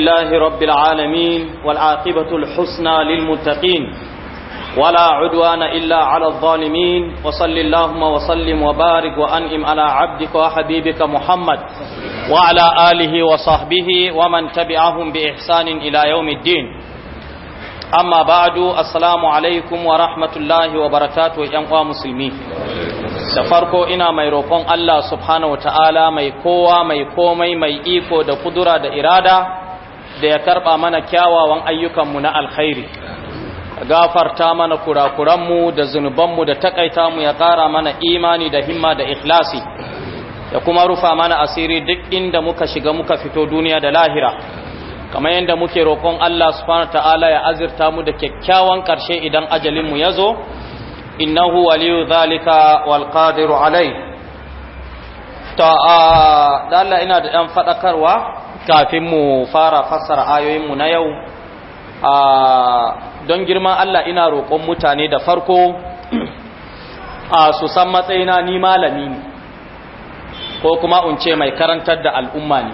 الله رب العالمين والعاقبة الحسنى للمتقين ولا عدوان إلا على الظالمين وصل اللهم وسلم وبارك وأنئم على عبدك وحبيبك محمد وعلى آله وصحبه ومن تبعهم بإحسان إلى يوم الدين أما بعد السلام عليكم ورحمة الله وبركاته يا مسلمين da farko ina mai roƙon Allah subhanahu wa ta'ala mai kowa mai komai mai iko da kudura da irada da ya karɓa mana kyawawan ayyukanmu na alkhairi gafarta mana kurakuranmu da zunubanmu da takaita mu ya ƙara mana imani da himma da ikhlasi ya kuma rufa mana asiri duk inda muka shiga muka fito duniya da lahira kamar yadda muke roƙon Allah subhanahu ya azirta mu da kyakkyawan ƙarshe idan ajalinmu ya zo innahu waliyu zalika wal qadiru alayhi To a Allah ina da ɗan faɗakarwa kafin mu fara fassara ayoyinmu na yau don girman Allah ina roƙon mutane da farko a su san matsayina ni malami ne ko kuma in ce mai karantar da al'umma ne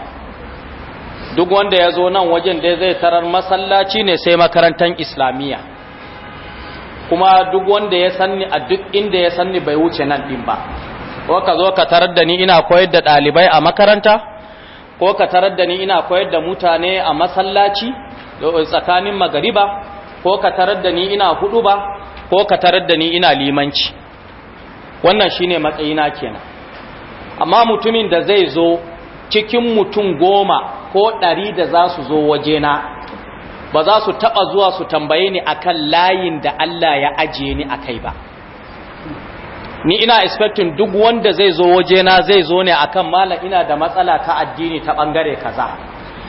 duk wanda ya zo nan wajen da zai tarar masallaci ne sai makarantar islamiyya kuma duk wanda ya sanni a duk inda ya sanni bai wuce nan ɗin ba ko ka zo ka tarar da ni ina koyar da ɗalibai a makaranta ko ka tarar da ni ina koyar da mutane a masallaci tsakanin magariba ko ka tarar da ni ina ba, ko ka tarar da ni ina limanci wannan shine matsayina kenan amma mutumin da zai zo cikin mutum goma ko ɗari da za su zo wajena ba za su taɓa zuwa su tambaye ni akan layin da Allah ya ajiye ni a kai ba ni ina expecting duk wanda zai zo wajena zai zo ne akan mala ina da matsala ta addini ta bangare kaza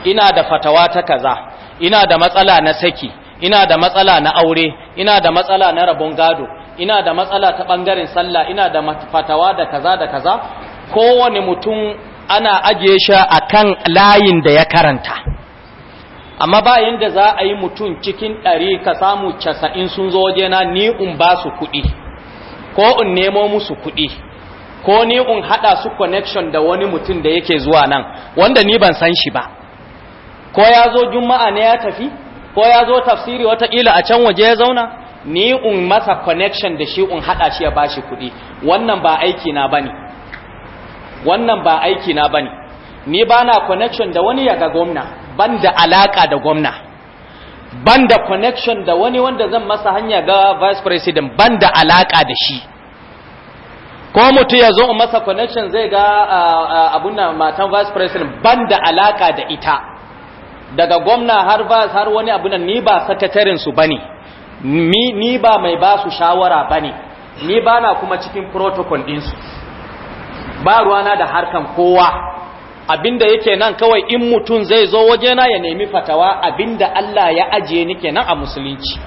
ina da fatawa ta kaza ina da matsala na saki ina da matsala na aure ina da matsala na rabon gado ina da matsala ta bangaren sallah ina da fatawa da kaza da kaza kowane mutum ana ajiye shi akan layin da ya karanta amma ba da za a yi mutum cikin ɗari ka samu casa'in sun zo wajena ni in ba su kuɗi ko in nemo musu kuɗi ko ni in haɗa su connection da wani mutum da yake zuwa nan wanda ni ban san shi ba ko ya zo juma'a ne ya tafi ko ya zo tafsiri wataƙila a can waje ya zauna ni in masa connection da shi in haɗa shi ya bashi kuɗi wannan ba aiki na bane wannan ba aiki na bane ni ba na connection da wani yaga gwamna ban da alaƙa da gwamna banda connection da wani wanda zan masa hanya ga vice president banda alaka da shi ko mutu ya zo masa connection zai ga abun na matan vice president banda alaka da ita daga gwamna har vice har wani abu nan ni ba sakatarin su bane ni ba mai ba su shawara bane ni bana kuma cikin protocol din su ba ruwana da harkan kowa abinda yake nan kawai in mutum zai zo wajena ya nemi fatawa abinda Allah ya ajiye ni kenan a musulunci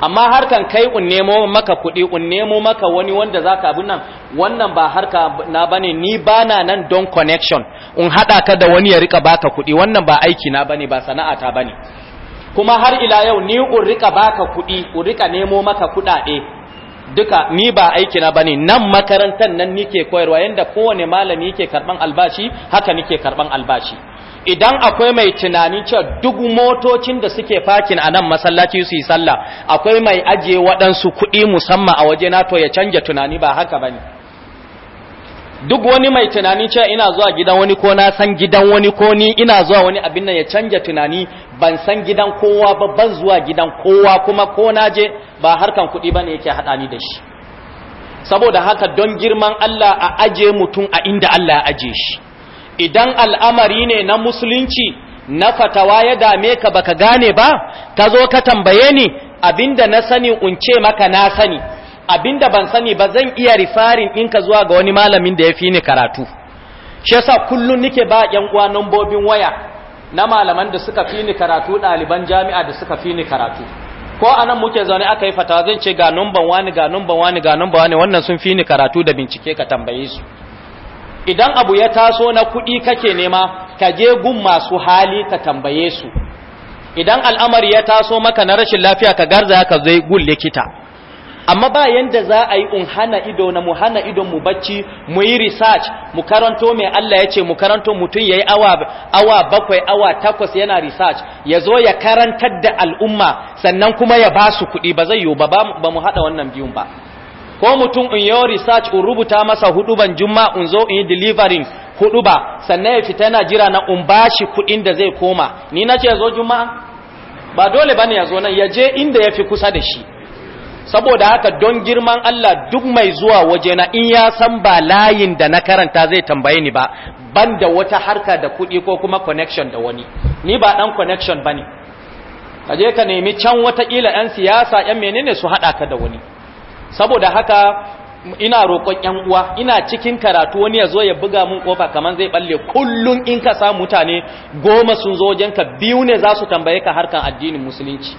amma harkan kai un nemo maka kuɗi un nemo maka wani wanda zaka abin nan wannan ba harka na bane ni bana nan don connection un hada ka da wani ya rika baka kuɗi wannan ba aiki na bane ba sana'a ta bane kuma har ila yau ni un rika baka kuɗi un rika nemo maka kuɗaɗe duka ni ba aiki aikina bane nan makarantar nan nike koyarwa yanda kowane malami yake karban albashi haka nike karban albashi idan akwai mai tunanin cewa duk motocin da suke fakin a nan masallaci su yi sallah akwai mai ajiye waɗansu kuɗi musamman a waje na to ya canja tunani ba haka bane duk wani mai tunani cewa ina zuwa gidan wani ko na san gidan wani ko ni ina zuwa wani abin nan ya canja tunani ban san gidan kowa ba ban zuwa gidan kowa kuma ko na je ba harkan kuɗi bane yake haɗa ni da shi saboda haka don girman Allah a aje mutum a inda Allah ya aje shi idan al'amari ne na musulunci na fatawa ya dame ka baka gane ba ka zo ka tambaye ni abinda na sani unce maka na sani abinda ban sani ba zan iya rifarin in ka zuwa ga wani malamin da ya fi ni karatu shi yasa kullum nake ba yan uwa nambobin waya na malaman da suka fi ni karatu ɗaliban jami'a da suka fi ni karatu ko anan muke zaune aka yi fatawa zan ce ga numban wani ga numban wani ga numban wani wannan sun fi ni karatu da bincike ka tambaye su idan abu ya taso na kuɗi kake nema ka je gun masu hali ka tambaye su idan al'amari ya taso maka na rashin lafiya ka garza ka zai gun likita amma ba yanda za a yi un hana ido na mu hana ido mu bacci mu yi research mu karanto mai Allah ya ce mu karanto mutum ya yi awa, awa bakwai awa takwas yana research ya zo ya karantar da al'umma sannan kuma ya basu su kuɗi ba zai yi ba ba mu haɗa wannan biyun ba ko mutum in yi research in rubuta masa ban juma in zo in yi delivering ba sannan ya fita yana jira na in ba shi kuɗin da zai koma ni nace ce ya zo juma ba dole ba ne ya zo nan ya je inda ya fi kusa da shi saboda haka don girman Allah duk mai zuwa wajena in ya san ba layin da na karanta zai tambaye ni ba ban da wata harka da kuɗi ko kuma connection da wani ni ba ɗan connection ba kaje ka nemi can watakila 'yan siyasa 'yan menene su haɗa ka da wani saboda haka ina roƙon 'yan uwa ina cikin karatu wani ya zo ya buga mun kofa kamar zai balle kullum in ka sa mutane goma sun zo wajenka biyu ne za su tambaye ka harkan addinin musulunci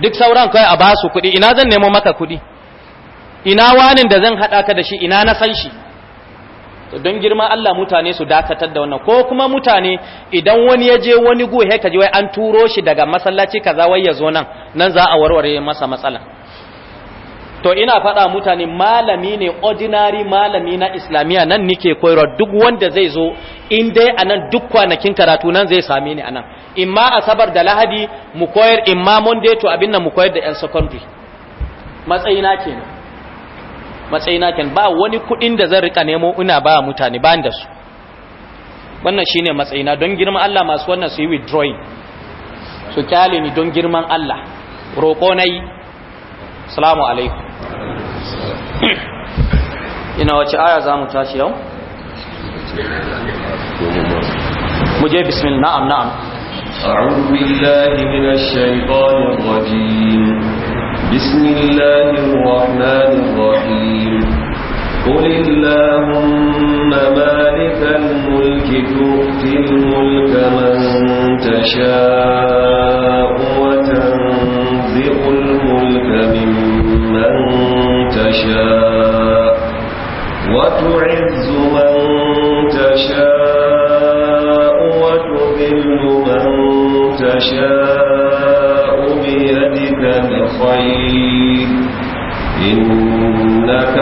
duk sauran kai a ba su kuɗi ina zan nemo maka kuɗi ina wanin da zan haɗa ka da shi ina na san shi don girma Allah mutane su dakatar da wannan ko kuma mutane idan wani ya je wani guhe ka ji wai an turo shi daga masallaci kaza wai ya zo nan nan za a warware masa matsala to ina faɗa mutane malami ne ordinary malami na islamiyya nan nike koyarwa duk wanda zai zo in dai anan duk kwanakin karatu nan zai same ni anan nan imma asabar da lahadi mu koyar imma monday to abin nan mu koyar da yan secondary matsayina kenan matsayina kenan ba wani kuɗin da zan rika nemo ina ba mutane ba da su wannan shine matsayina don girman Allah masu wannan su yi withdrawing su kyale ni don girman Allah roƙo na yi salamu alaikum ina wace aya za mu tashi yau? mu je bismillah na'am na'am أعوذ بالله من الشيطان الرجيم بسم الله الرحمن الرحيم قل اللهم مالك الملك تؤتي الملك من تشاء وتنزع الملك ممن تشاء وتعز من تشاء وتذل من تشاء بيدك الخير إنك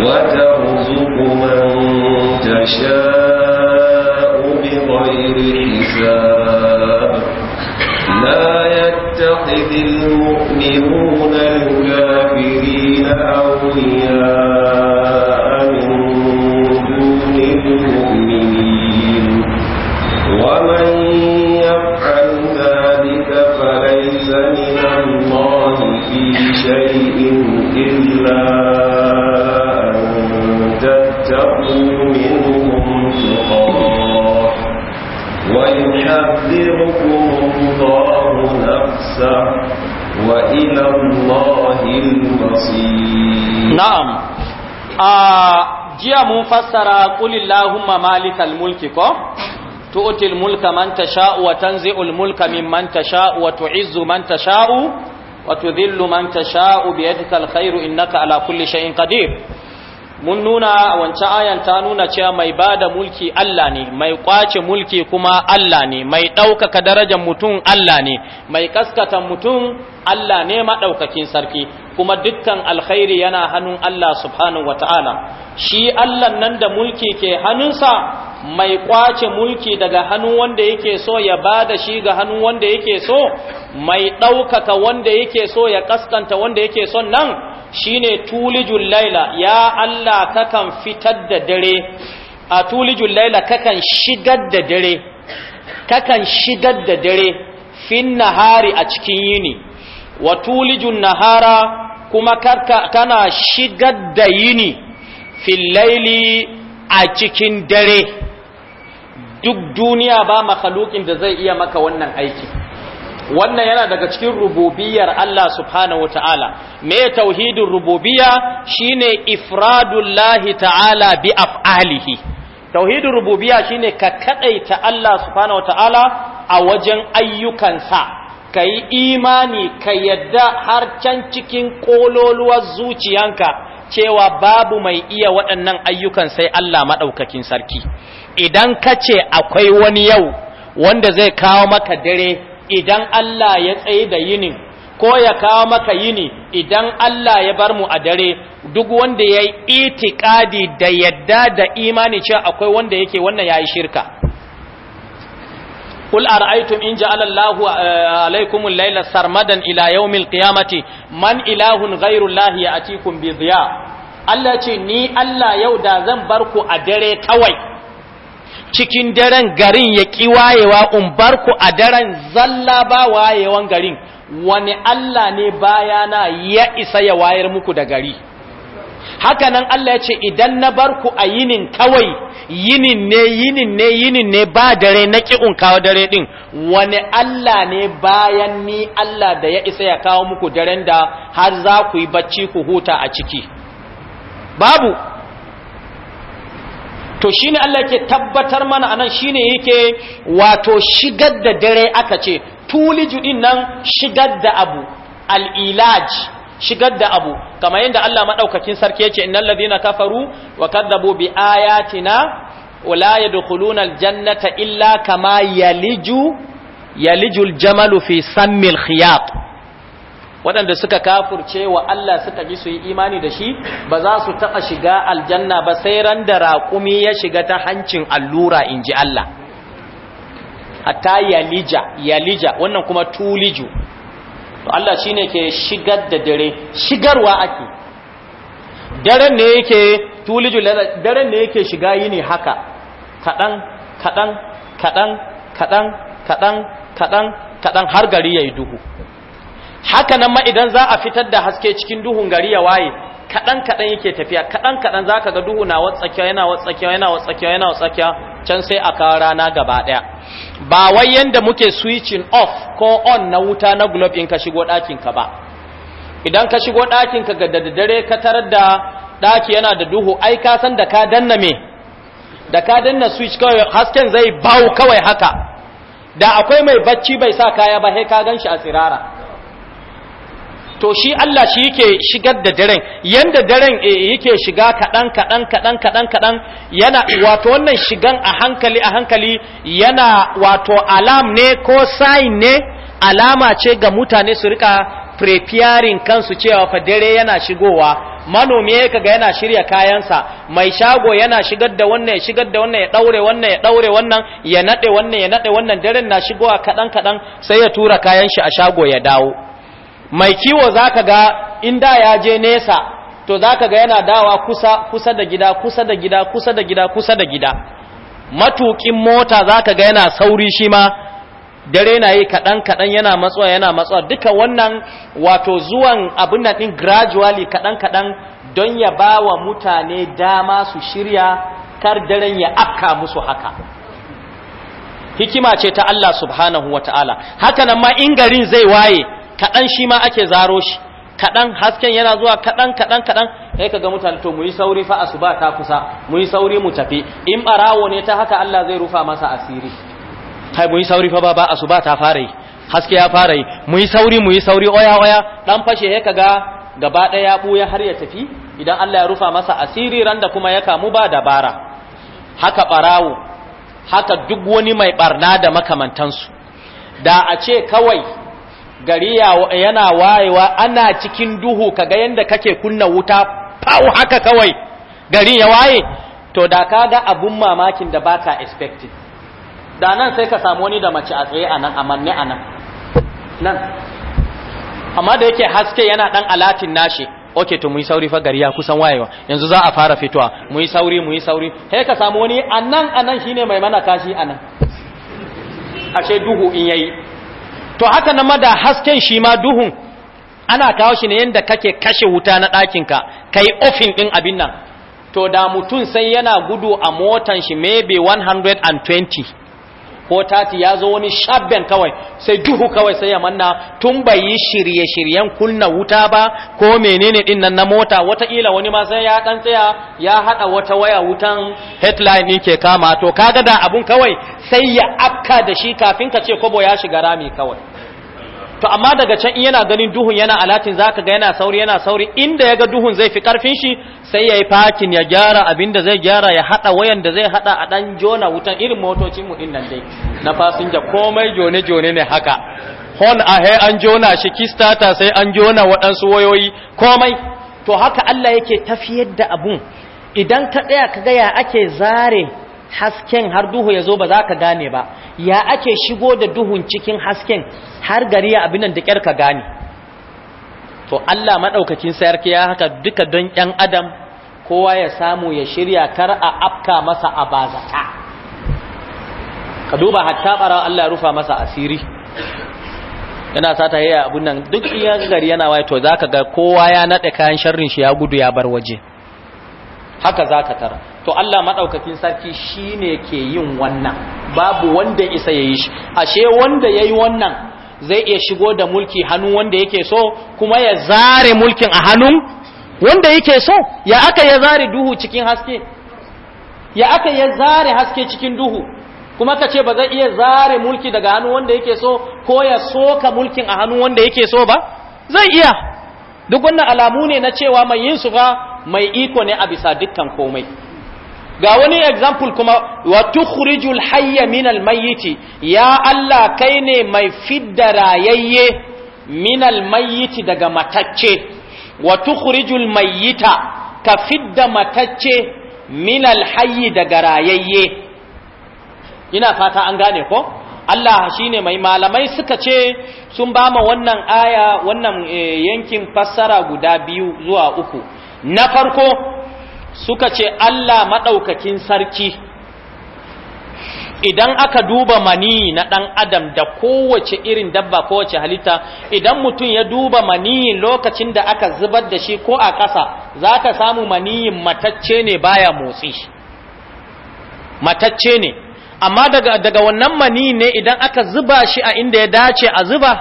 وترزق من تشاء بغير حساب لا يتخذ المؤمنون الكافرين qulillahumma malikal mulki ko tu'til mulka man tasha'u wa tanzi'ul mulka mimman tasha'u wa innaka ala mun nuna wancan ayan ta nuna cewa mai da mulki Allah ne mai kwace mulki kuma Allah ne mai ɗaukaka darajar mutum Allah ne mai kaskata mutum Allah ne maɗaukakin sarki kuma dukkan alkhairi yana hannun Allah subhanahu wata'ala shi Allah nan da mulki ke hannunsa mai kwace mulki daga hannun wanda yake so ya ba da shi ga hannun wanda yake so mai ɗaukaka wanda yake so ya kaskanta wanda yake son nan shine tulijul laila ya Allah kakan fitar da dare a tulijul laila kakan shigar da dare kakan shigar da dare fin nahari a cikin yini wa tulijun nahara kuma kana shigar da yini fillaili a cikin dare duk duniya ba makalukin da zai iya maka wannan aiki wannan yana daga cikin rububiyar Allah subhanahu wataala me tauhidin rububiyya shine ifradullahi ta'ala bi af'alihi tauhidin rububiyya shine ka kadaita Allah subhanahu wataala a wajen ayyukansa ka yi imani ka yadda har can cikin ƙololuwar zuciyanka cewa babu mai iya waɗannan ayyukan sai Allah maɗaukakin sarki idan ka ce akwai wani yau wanda zai kawo maka dare idan Allah ya tsaye da yinin ko ya kawo maka yini idan Allah ya bar mu a dare duk wanda ya yi itikadi da yadda da imani cewa akwai wanda yake wannan ya yi shirka قل أرأيتم إن جعل الله عليكم الليل سرمدا إلى يوم القيامة من إله غير الله يأتيكم بضياء Allah ce ni Allah yau da zan bar ku a dare kawai cikin daren garin ya ki wayewa in bar ku a daren zalla ba wayewan garin wani Allah ne bayana ya isa ya wayar muku da gari Hakanan Allah ya ce idan na bar ku a yinin kawai yinin ne yinin ne yinin ne ba dare na ki'un kawo dare din wani Allah ne bayan ni Allah da ya isa ya kawo muku daren da har za ku yi bacci ku huta a ciki babu to shine Allah yake tabbatar mana anan shine yake wato shigar da dare aka ce tuliju din nan shigar da abu al-ilaj shigar da abu kamar yadda Allah madaukakin sarki yace innal ladina kafaru wa kadzabu bi ayatina wala illa kama yaliju yalijul jamalu fi waɗanda suka kafurce wa Allah suka ji su yi imani da shi ba za su taɓa shiga aljanna ba sai ran da raƙumi ya shiga ta hancin allura in ji Allah hatta yalija yalija wannan kuma tuliju to Allah shi ne ke shigar da dare shigarwa ake daren ne yake tuliju daren ne yake shiga yini haka kaɗan kaɗan kaɗan kaɗan kaɗan kaɗan kaɗan har gari ya yi duhu haka nan ma idan za a fitar da haske cikin duhun gari ya waye kaɗan kaɗan yake tafiya kaɗan kaɗan za ka ga duhu na watsakiya yana watsakiya yana watsakiya yana watsakiya can sai a kawo rana gaba ɗaya ba wai yanda muke switching off ko on na wuta na globe in ka shigo ɗakinka ba idan ka shigo ɗakinka ga da dare ka tarar da ɗaki yana da duhu ai ka san da ka danna me da ka danna switch kawai hasken zai bawo kawai haka da akwai mai bacci bai sa kaya ba sai ka ganshi a tsirara to shi Allah shi yake shigar da daren yanda daren eh, yake shiga kadan kadan kadan kadan kadan yana wato wannan shigan a hankali a hankali yana wato alam ne ko sign ne alama ce ga mutane su rika preparing kansu cewa fa dare yana shigowa manomi ya kaga yana shirya kayansa mai shago yana shigar da wannan ya shigar da wannan ya daure wannan ya daure wannan ya nade wannan ya nade wannan daren na shigowa kadan kadan sai ya tura kayan shi a shago ya dawo mai kiwo zaka ga da ya je nesa to zaka ga yana dawa kusa kusa da gida kusa da gida kusa da gida kusa da gida matukin mota zaka ga yana sauri shi ma dare na yi kaɗan kaɗan yana matsuwa yana matsuwa duka wannan wato zuwan abin nan ɗin gradually kaɗan kaɗan don ya ba wa mutane dama su shirya kar daren ya afka musu haka hikima ce ta Allah subhanahu wa ta'ala haka nan ma in garin zai waye kaɗan shi ma ake zaro shi kaɗan hasken yana zuwa kaɗan kaɗan kaɗan sai kaga ga mutane to muyi yi sauri fa asuba ta kusa muyi sauri mu tafi in ɓarawo ne ta haka Allah zai rufa masa asiri kai mu yi sauri fa ba ba ba ta fara yi haske ya fara yi mu yi sauri mu yi sauri oya oya dan fashe ya kaga gaba daya ya buya har ya tafi idan Allah ya rufa masa asiri ran da kuma ya kamu ba dabara haka barawo haka duk wani mai barna da makamantansu da a ce kawai gari yana wayewa ana cikin duhu kaga yanda kake kunna wuta pau haka kawai gari ya waye to da kaga abun mamakin da baka expecting da nan sai ka samu wani da mace a tsaye a nan a manne a nan nan amma da yake haske yana dan alatin nashi oke to muyi sauri fa gari ya kusan wayewa yanzu za a fara fitowa muyi sauri muyi sauri sai ka samu wani a nan a nan shine mai mana kashi a nan ashe duhu in yayi to haka nan ma da hasken shi ma duhun ana kawo shi ne yadda kake kashe wuta na ɗakinka ka yi ofin ɗin abin nan to da mutum sai yana gudu a motan shi maybe 120 ko tati ya zo wani shabben kawai sai duhu kawai sai ya manna tun bai yi shirye-shiryen kunna wuta ba ko menene din nan na mota wata wataƙila wani ma sai ya ɗan tsaya ya haɗa wata waya wutan headline ne ke kama to kaga da abun kawai sai ya afka da shi kafin ka ce kobo ya shiga rami kawai to amma daga can in yana ganin duhun yana alatin za ka ga yana sauri yana sauri inda ga duhun zai fi karfin shi sai ya yi fakin ya gyara abinda zai gyara ya hada wayan da zai hada a dan jona wutan irin motocin mu dinnan dai na fasinja komai jone jone ne haka hon a ahe an jona shi kistata sai an jona wadansu wayoyi komai to haka Allah yake tafiyar da abun idan ka tsaya kaga ya ake zare hasken har duhu ya zo ba za ka gane ba ya ake shigo da duhun cikin hasken har gari ya abin da ƙyar ka gane to Allah maɗaukakin sayarki ya haka duka don ƴan adam kowa ya samu ya shirya kar a afka masa a bazata ka duba hatta ɓara Allah ya rufa masa asiri yana sata yaya abun nan duk iya gari yana waye to za ka ga kowa ya naɗe kayan sharrin shi ya gudu ya bar waje haka za ka tara to Allah maɗaukakin sarki shi ne ke yin wannan babu wanda isa ya yi shi ashe wanda ya yi wannan zai iya shigo da mulki hannu wanda yake so kuma ya zare mulkin a hannun wanda yake so ya aka ya zare duhu cikin haske ya aka ya zare haske cikin duhu kuma ka ce ba zai iya zare mulki daga hannu wanda yake so ko ya soka mulkin a hannu wanda yake so ba zai iya duk wannan alamu ne na cewa mai yin su ba. mai iko ne a bisa dukkan komai ga wani example kuma wa tukhrijul hayya minal mayyiti ya Allah kai ne mai fidda rayayye minal mayyiti daga matacce wa tukhrijul mayyita ka fidda matacce minal hayyi daga rayayye ina fata an gane ko Allah shine mai malamai suka ce sun bama wannan aya wannan eh, yankin fassara guda biyu zuwa uku na farko suka ce Allah maɗaukakin sarki idan aka duba mani na ɗan adam da kowace irin dabba kowace halitta idan mutum ya duba mani lokacin da aka zubar da shi ko a ƙasa za ka samu maniyin matacce ne baya motsi matacce ne amma daga, daga wannan mani ne idan aka zuba shi a inda ya dace a zuba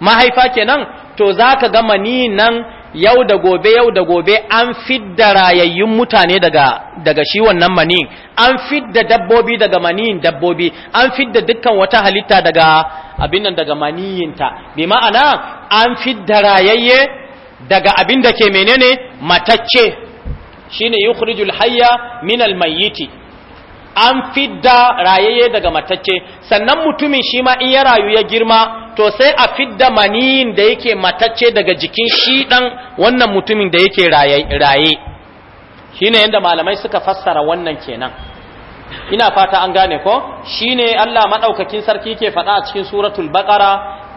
mahaifa kenan to za ka ga mani nan yau da gobe yau da gobe an fidda rayayyun mutane daga daga shi wannan mani an fidda dabbobi daga maniyin dabbobi an fidda dukkan wata halitta daga abin nan daga maniyinta bi ma'ana an fidda rayayye daga abin da ke menene matacce shine yukhrijul hayya minal mayyiti an fidda rayayye daga matacce sannan mutumin shi ma in ya rayu ya girma to sai a fidda maniyin da yake matacce daga jikin shi ɗan wannan mutumin da yake raye shine yadda malamai suka fassara wannan kenan ina fata an gane ko shine Allah maɗaukakin sarki ke faɗa a cikin suratul baqara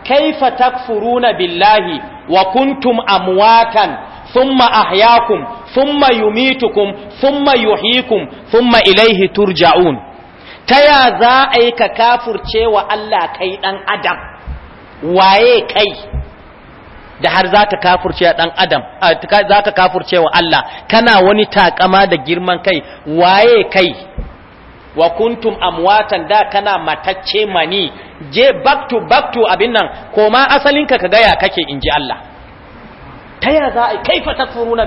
kaifa takfuruna billahi wa kuntum amwatan thumma ahyakum thumma yumitukum thumma yuhyikum thumma ilaihi turja'un taya za a yi ka kafurce wa Allah kai ɗan adam waye kai da har za ka kafurce ɗan adam za ka kafurce wa Allah kana wani takama da girman kai waye kai wa kuntum amwatan da kana matacce mani je back to back to abin nan koma asalinka ka gaya kake in ji Allah ta ya za a kaifa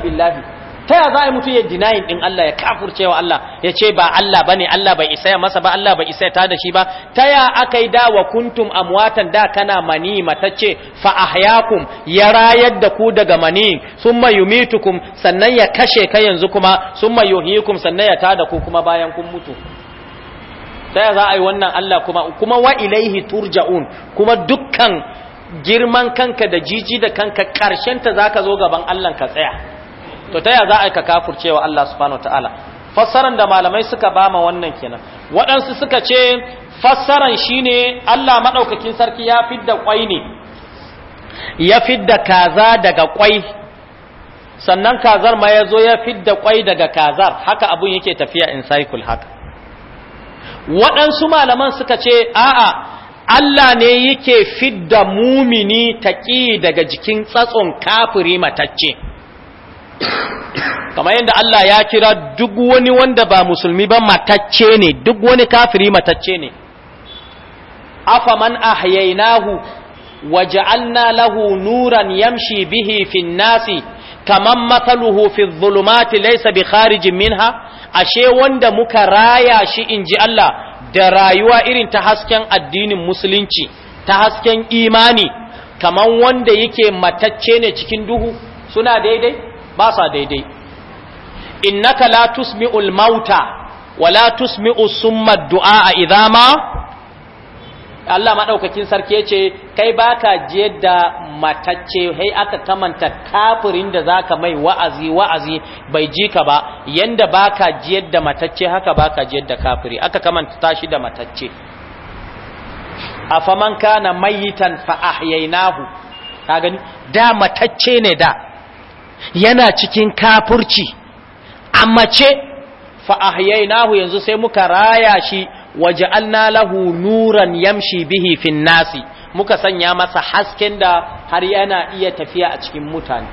billahi ta ya za a yi mutu ya dinayin ɗin Allah ya kafurce wa Allah ya ce ba Allah bane Allah bai isa masa ba Allah bai isa ya da shi ba ta ya yi da wa kuntum amwatan da kana mani matacce fa ahyakum ya rayar da ku daga mani sun mayu mitukum sannan ya kashe ka yanzu kuma sun mayu hikum sannan ya ta da ku kuma bayan kun mutu ta ya za a yi wannan Allah kuma kuma wa ilaihi turja'un kuma dukkan girman kanka da jiji da kanka karshen ta zaka zo gaban Allah ka tsaya to ta ya za a ka kafurcewa Allah subhanahu Ta'ala? fassaran da malamai suka ba bama wannan kenan waɗansu suka ce fassaran shine Allah madaukakin sarki ya fidda kwai ne ya fidda kaza daga kwai sannan kazar ma ya zo ya fidda kwai daga kazar haka abun yake tafiya in cycle haka waɗansu malaman suka ce a'a Allah ne yake fidda mumini taƙi daga jikin tsatson kafiri matacce. kamar yadda Allah ya kira duk wani wanda ba musulmi ba matacce ne duk wani kafiri matacce ne Afa man ahyainahu waja'alna lahu nuran yamshi bihi fin nasi kaman mataluhu fi dhulumati laysa bi kharijin minha ashe wanda muka raya shi inji Allah da rayuwa irin ta hasken addinin musulunci ta hasken imani kaman wanda yake matacce ne cikin duhu suna daidai ba sa daidai innaka la tusmi'ul mauta wa la tusmi'u summa du'a idama ma Allah madaukakin sarki yace kai baka jiyar da matacce hai aka kamanta kafirin da zaka mai wa'azi wa'azi bai ji ka ba yanda baka jiyar da matacce haka baka jiyar kafiri aka kamanta tashi da matacce afaman kana mayitan fa ahyainahu ka gani da matacce ne da yana cikin kafurci a mace nahu yanzu sai muka raya shi waje lahu nuran yamshi bihi fin nasi muka sanya masa hasken da har yana iya tafiya a cikin mutane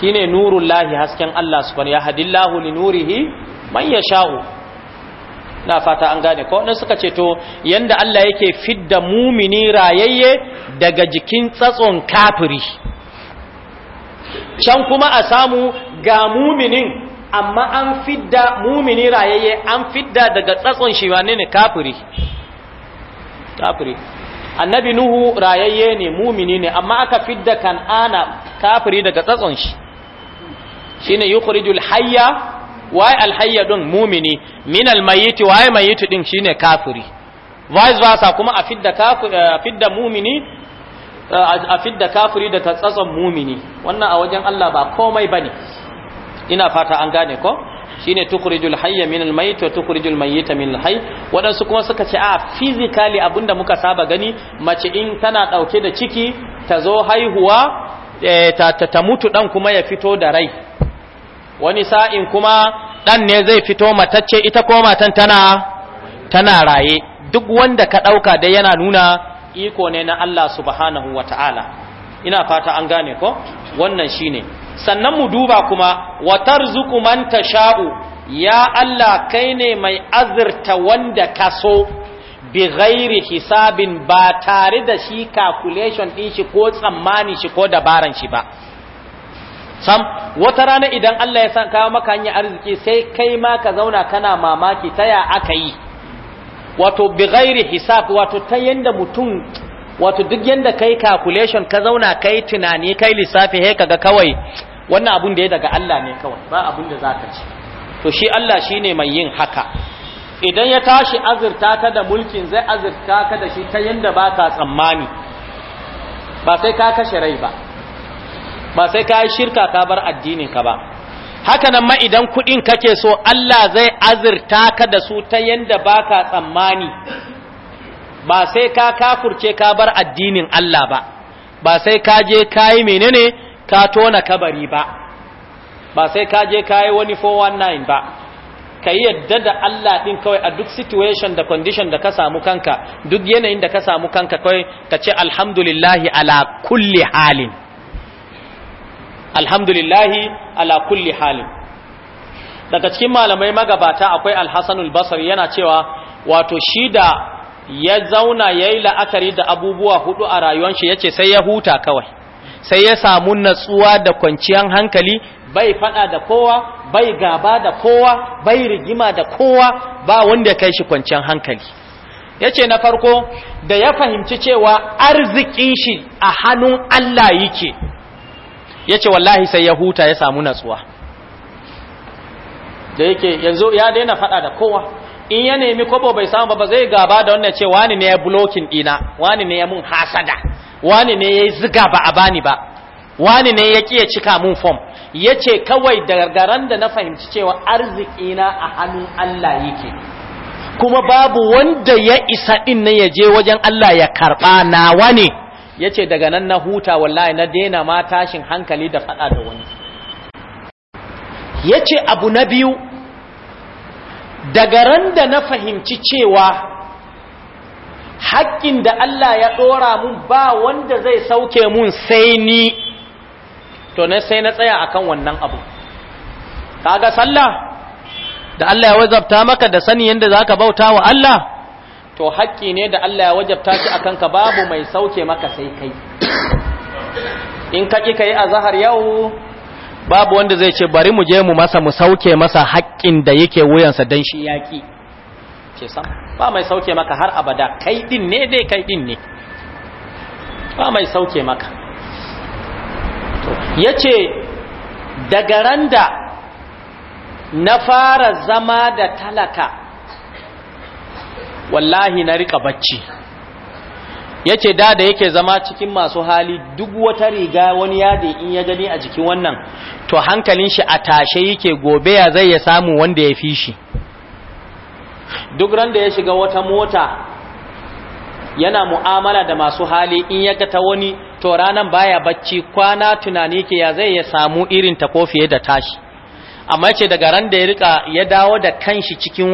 shine nurul lahi hasken Allah subhanahu ya hadillahu li nurihi man yasha'u na fata an gane ko suka ce to yanda Allah yake fidda mumini rayayye daga jikin tsatson kafiri can kuma a samu ga muminin amma an fidda mumini rayayye an fidda daga tsatson shi wane ne kafiri kafiri annabi nuhu rayayye ne mumini ne amma aka fidda kan'ana kafiri daga tsatson shi shine yukhrijul hayya wai alhayya din mumini min almayyit wai mayyit din shine kafiri vice versa kuma a fidda kafiri a fidda mumini a fidda kafiri da tsatson mumini wannan a wajen Allah ba komai bane ina fata an gane ko shine tukhrijul hayya minal mayt wa tukhrijul mayyita minal hayy wadansu kuma suka ce a physically abinda muka saba gani mace in tana dauke da ciki ta zo haihuwa ta, ta mutu dan kuma ya fito da rai wani sa'in kuma dan ne zai fito matacce ita ko matan tana tana raye duk wanda ka dauka dai yana nuna iko ne na Allah subhanahu wa ta'ala ina fata an gane ko wannan shine sannan mu duba kuma wa tarzuqu man tasha'u ya Allah kai ne mai azurta wanda kaso bi ghairi hisabin ba tare da shi calculation din shi ko tsammani shi ko dabaran shi ba sam wata rana idan Allah ya san kawo maka hanyar arziki sai kai ma ka zauna kana mamaki taya aka yi wato bi ghairi hisab wato ta yanda mutum wato duk yanda kai calculation ka zauna kai tunani kai lissafi he kaga kawai wannan abun da ya daga Allah ne kawai ba abun da zaka ci to shi Allah shine mai yin haka idan ya tashi azurta ka da mulkin zai azurta ka da shi ta yanda baka tsammani ba sai ka kashe rai ba ba sai ka yi shirka ka bar addinin ka ba haka nan ma idan kuɗin kake so Allah zai azurta ka da su ta yanda baka tsammani ba sai ka kafurce ka bar addinin Allah ba ba sai ka je kayi menene ka tona kabari ba ba sai ka je kayi wani 419 ba ka yi yadda da Allah ɗin kawai a duk situation da condition da ka samu kanka duk yanayin da ka samu kanka kawai ka ce alhamdulillahi ala kulli halin alhamdulillahi ala kulli halin daga cikin malamai magabata akwai alhassanul basar yana cewa wato shi da ya zauna ya yi la'akari da abubuwa hudu a rayuwar shi ya ce sai ya huta kawai sai ya samu natsuwa da kwanciyar hankali bai fada da kowa bai gaba da kowa bai rigima da kowa ba wanda ya kai shi kwanciyar hankali ya ce na farko da ya fahimci cewa arzikin shi a hannun Allah yake ya ce wallahi sai ya huta ya samu natsuwa da yake yanzu ya daina faɗa da kowa in ya nemi kobo bai samu ba zai gaba da wannan ce wani ne ya blokin ɗina wani ne ya mun hasada wani ne ya ziga ba a bani ba wani ne ya kiya cika mun fom ya ce kawai gargaran da na fahimci cewa arzikina a hannun Allah yake kuma babu wanda ya isa ɗin na ya je wajen Allah ya karɓa nawa ne yace daga nan na huta wallahi na daina ma tashin hankali da fada da wani yace abu na biyu daga ran da na fahimci cewa haƙƙin da Allah ya ɗora mun ba wanda zai sauke mun sai ni to na sai na tsaya akan wannan abu kaga sallah da Allah ya wazabta maka da sani yanda zaka bauta wa Allah to haƙƙi ne da Allah ya wajabta shi akan ka babu mai sauke maka sai kai in ka ƙi yi azhar yau babu wanda zai ce bari mu je mu masa mu sauke masa haƙƙin da yake wuyansa dan shi yaƙi ce sam ba mai sauke maka har abada kai din ne dai kai din ne ba mai sauke maka yace daga randa na fara zama da talaka wallahi na rika bacci yace da da yake zama cikin masu hali duk wata riga wani yadi in ya gani a jikin wannan to hankalin shi a tashe yake gobe ya zai ya samu wanda ya fi shi duk randa ya shiga wata mota yana mu'amala da masu hali in ya ta wani to ranan baya bacci kwana tunani ke ya zai ya samu irin ta ko fiye da tashi amma ce daga randa ya rika ya dawo da kanshi cikin